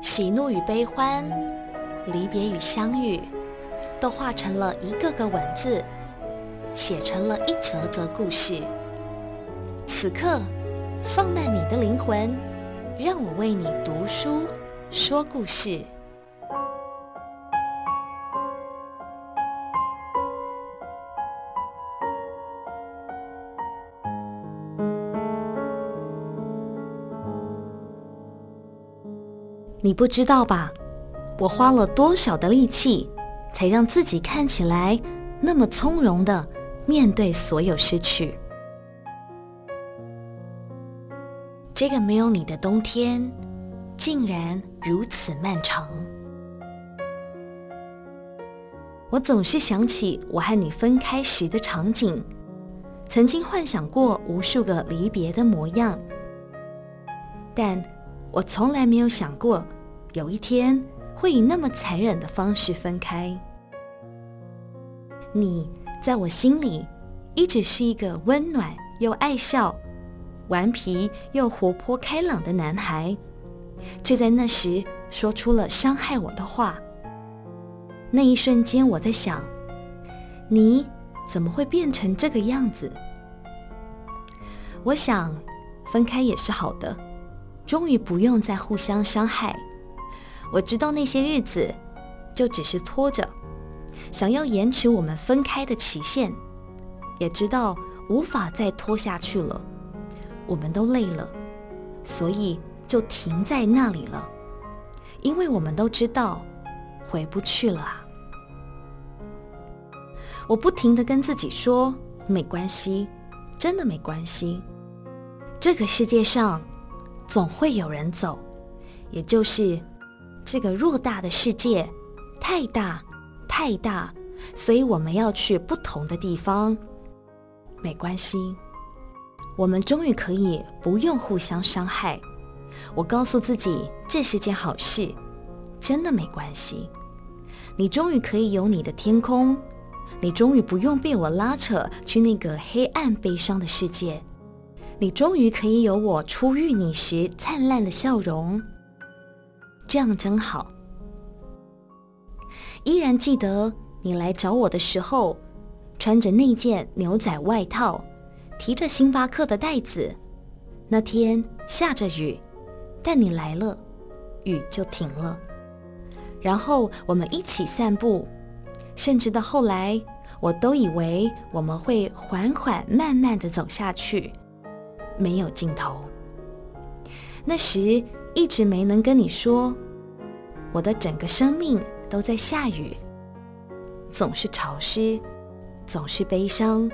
喜怒與悲歡，離別與相遇，都化成了一個個文字，寫成了一則則故事。此刻，放慢你的靈魂，讓我為你讀書，說故事。你不知道吧，我花了多少的力氣，才讓自己看起來那麼從容地面對所有失去。這個沒有你的冬天，竟然如此漫長。我總是想起我和你分開時的場景，曾經幻想過無數個離別的模樣，但……我從來沒有想過，有一天會以那麼殘忍的方式分開。你在我心裡一直是一個溫暖又愛笑、頑皮又活潑開朗的男孩，卻在那時說出了傷害我的話。那一瞬間，我在想，你怎麼會變成這個樣子？我想，分開也是好的。終於不用再互相傷害。我知道那些日子就只是拖着，想要延遲我們分開的期限，也知道無法再拖下去了。我們都累了，所以就停在那裡了。因為我們都知道回不去了啊。我不停地跟自己說沒關係，真的沒關係。這個世界上。總會有人走，也就是這個偌大的世界太大太大，所以我們要去不同的地方，沒關係，我們終於可以不用互相傷害。我告訴自己，這是件好事，真的沒關係。你終於可以有你的天空，你終於不用被我拉扯去那個黑暗悲傷的世界。你終於可以有我初遇你時燦爛的笑容，這樣真好。依然記得你來找我的時候，穿着那件牛仔外套，提着星巴克的袋子。那天下着雨，但你來了，雨就停了。然後我們一起散步，甚至到後來，我都以為我們會緩緩慢慢地走下去。沒有盡頭。那時一直沒能跟你說，我的整個生命都在下雨，總是潮濕，總是悲傷。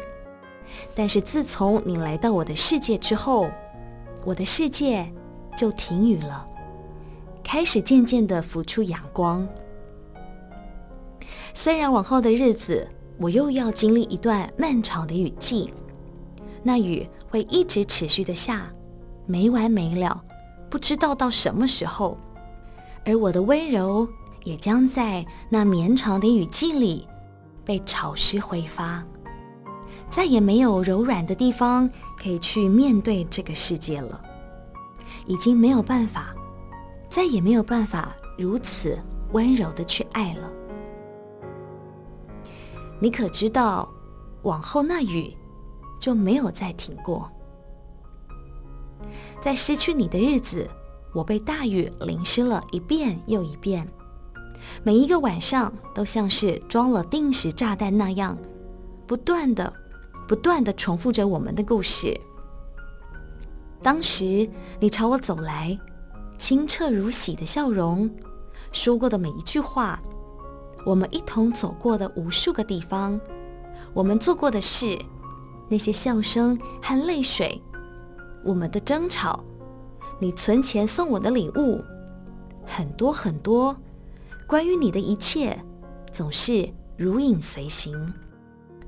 但是自從你來到我的世界之後，我的世界就停雨了，開始漸漸地浮出陽光。雖然往後的日子我又要經歷一段漫長的雨季，那雨。會一直持續的下，沒完沒了，不知道到什麼時候。而我的溫柔也將在那綿長的雨季裡被潮濕揮發，再也沒有柔軟的地方可以去面對這個世界了。已經沒有辦法，再也沒有辦法如此溫柔的去愛了。你可知道，往後那雨，就沒有再停過。在失去你的日子，我被大雨淋濕了一遍又一遍，每一個晚上都像是裝了定時炸彈那樣，不斷的、不斷的重複着我們的故事。當時你朝我走來，清澈如洗的笑容，說過的每一句話，我們一同走過的無數個地方，我們做過的事。那些笑聲和淚水，我們的爭吵，你存錢送我的禮物，很多很多，關於你的一切，總是如影隨形，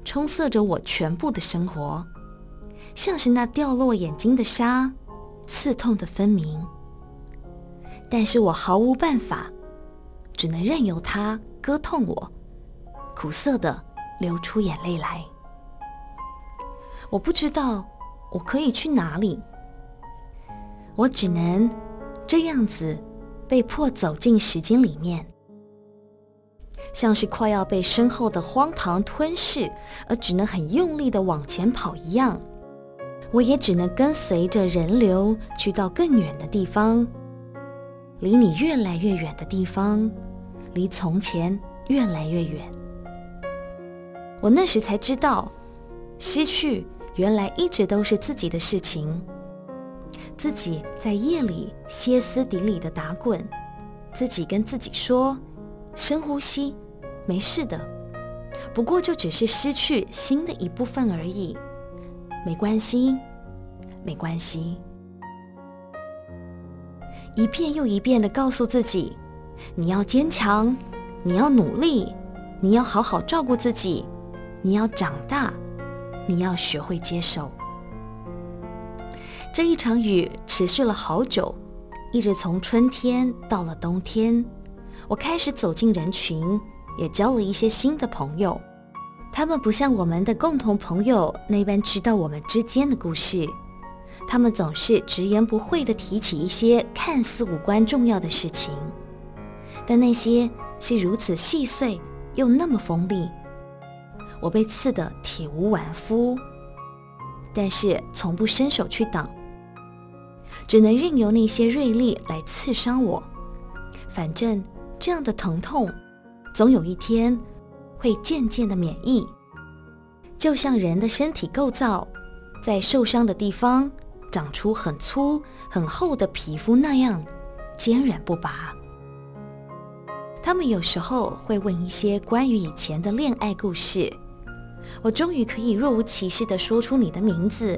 充塞着我全部的生活，像是那掉落眼睛的沙，刺痛的分明。但是我毫無辦法，只能任由它割痛我，苦澀的流出眼淚來。我不知道我可以去哪裡，我只能這樣子被迫走進時間裡面，像是快要被身後的荒唐吞噬，而只能很用力的往前跑一樣。我也只能跟隨着人流去到更遠的地方，離你越來越遠的地方，離從前越來越遠。我那時才知道，失去。原來一直都是自己的事情。自己在夜裡歇斯底里地打滾，自己跟自己說：“深呼吸，沒事的。不過就只是失去新的一部分而已，沒關係，沒關係。”一遍又一遍地告訴自己：“你要堅強，你要努力，你要好好照顧自己，你要長大。”你要學會接受。這一場雨持續了好久，一直從春天到了冬天。我開始走進人群，也交了一些新的朋友。他們不像我們的共同朋友那般知道我們之間的故事，他們總是直言不諱地提起一些看似無關重要的事情，但那些是如此細碎又那麼鋒利。我被刺得體無完膚，但是從不伸手去擋，只能任由那些銳利來刺傷我。反正這樣的疼痛，總有一天會漸漸的免疫，就像人的身體構造，在受傷的地方長出很粗很厚的皮膚那樣，堅忍不拔。他們有時候會問一些關於以前的戀愛故事。我終於可以若無其事地說出你的名字，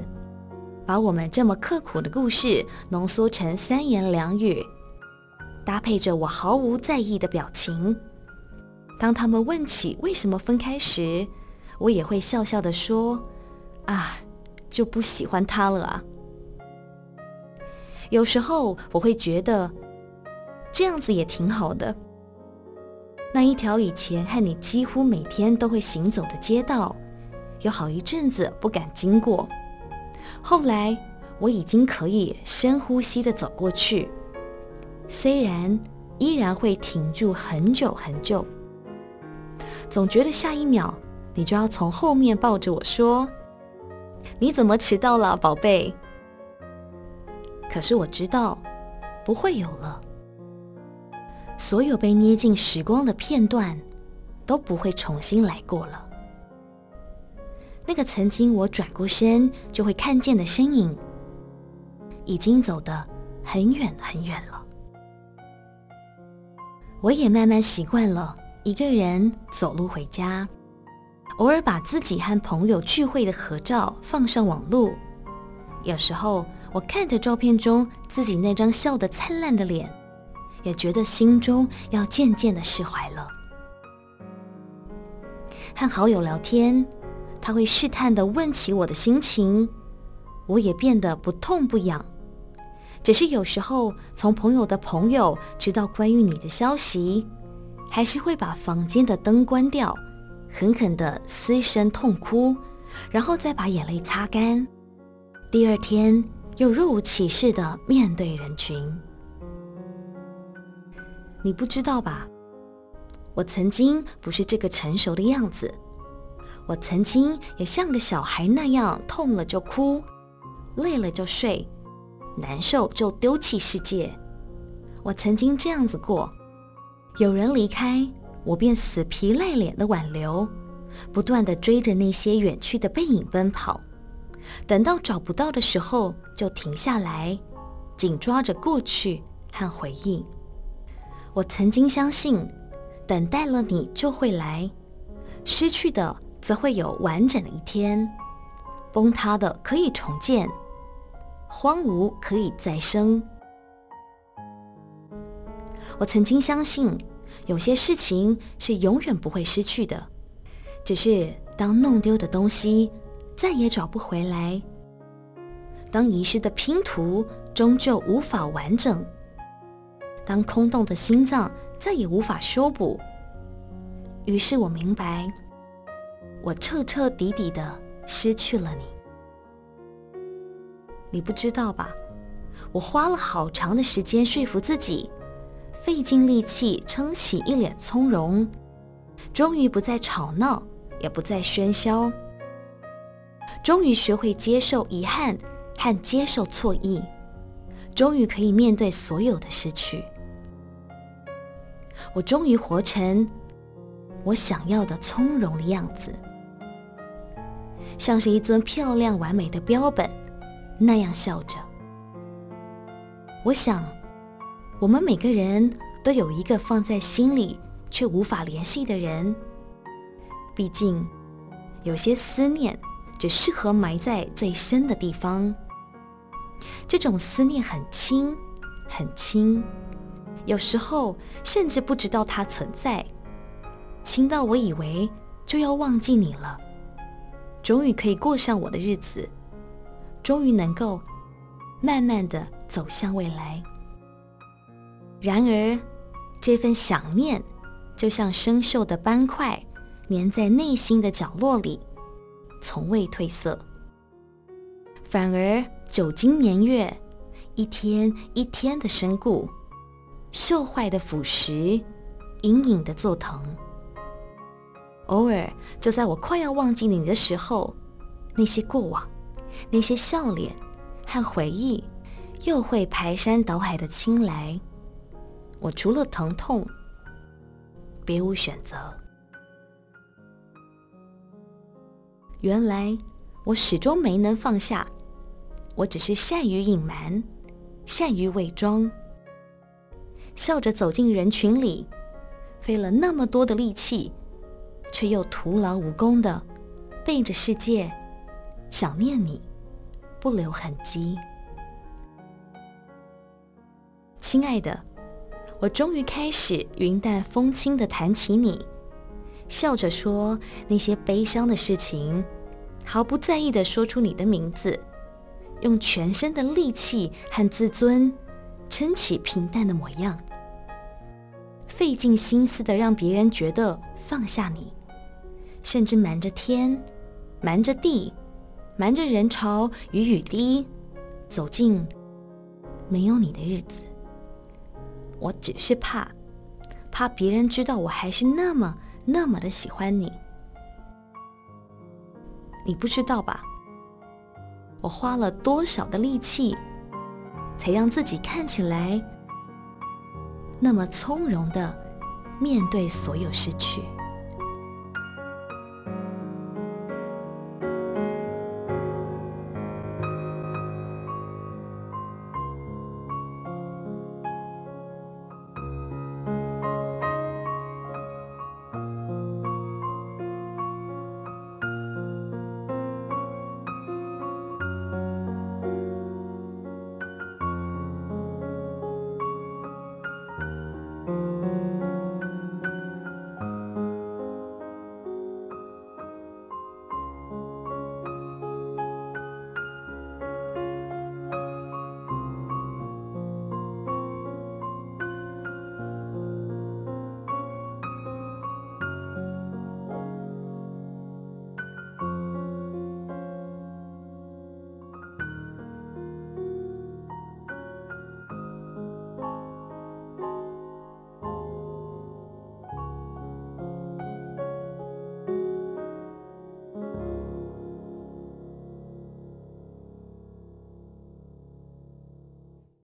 把我們這麼刻苦的故事濃縮成三言兩語，搭配着我毫無在意的表情。當他們問起為什麼分開時，我也會笑笑地說：“啊，就不喜歡他了啊。”有時候我會覺得，這樣子也挺好的。那一條以前和你幾乎每天都會行走的街道，有好一陣子不敢經過。後來我已經可以深呼吸地走過去，雖然依然會停住很久很久，總覺得下一秒你就要從後面抱着我說：“你怎麼遲到了，寶貝？”可是我知道，不會有了。所有被捏進時光的片段都不會重新來過了。那個曾經我轉過身就會看見的身影，已經走得很遠很遠了。我也慢慢習慣了一個人走路回家，偶爾把自己和朋友聚會的合照放上網絡。有時候我看着照片中自己那張笑得燦爛的臉。也覺得心中要漸漸的釋懷了。和好友聊天，他會試探的問起我的心情，我也變得不痛不癢。只是有時候從朋友的朋友知道關於你的消息，還是會把房間的燈關掉，狠狠的失聲痛哭，然後再把眼淚擦乾，第二天又若無其事的面對人群。你不知道吧？我曾經不是這個成熟的樣子，我曾經也像個小孩那樣，痛了就哭，累了就睡，難受就丟棄世界。我曾經這樣子過，有人離開，我便死皮賴臉地挽留，不斷地追着那些遠去的背影奔跑，等到找不到的時候，就停下來，緊抓着過去和回憶。我曾經相信，等待了你就會來，失去的則會有完整的一天，崩塌的可以重建，荒蕪可以再生。我曾經相信，有些事情是永遠不會失去的，只是當弄丟的東西再也找不回來，當遺失的拼圖終究無法完整。當空洞的心臟再也無法修補，於是我明白，我徹徹底底的失去了你。你不知道吧？我花了好長的時間說服自己，費盡力氣撐起一臉從容，終於不再吵鬧，也不再喧囂，終於學會接受遺憾和接受錯意，終於可以面對所有的失去。我終於活成我想要的從容的樣子，像是一尊漂亮完美的標本那樣笑着。我想，我們每個人都有一個放在心裡卻無法聯繫的人。畢竟，有些思念只適合埋在最深的地方。這種思念很輕，很輕。有時候甚至不知道它存在，輕到我以為就要忘記你了，終於可以過上我的日子，終於能夠慢慢的走向未來。然而，這份想念就像生鏽的斑塊，粘在內心的角落裡，從未褪色，反而久經年月，一天一天的深固。受壞的腐蝕，隱隱的作疼。偶爾，就在我快要忘記你的時候，那些過往，那些笑臉和回憶，又會排山倒海的侵來。我除了疼痛，別無選擇。原來，我始終沒能放下，我只是善於隱瞞，善於偽裝。笑着走進人群裡，費了那麼多的力氣，卻又徒勞無功的背着世界，想念你，不留痕跡。親愛的，我終於開始雲淡風輕的談起你，笑着說那些悲傷的事情，毫不在意的說出你的名字，用全身的力氣和自尊撐起平淡的模樣。費盡心思的讓別人覺得放下你，甚至瞞着天，瞞着地，瞞着人潮與雨滴，走進沒有你的日子。我只是怕，怕別人知道我還是那麼那麼的喜歡你。你不知道吧？我花了多少的力氣，才讓自己看起來。那麼從容地面對所有失去。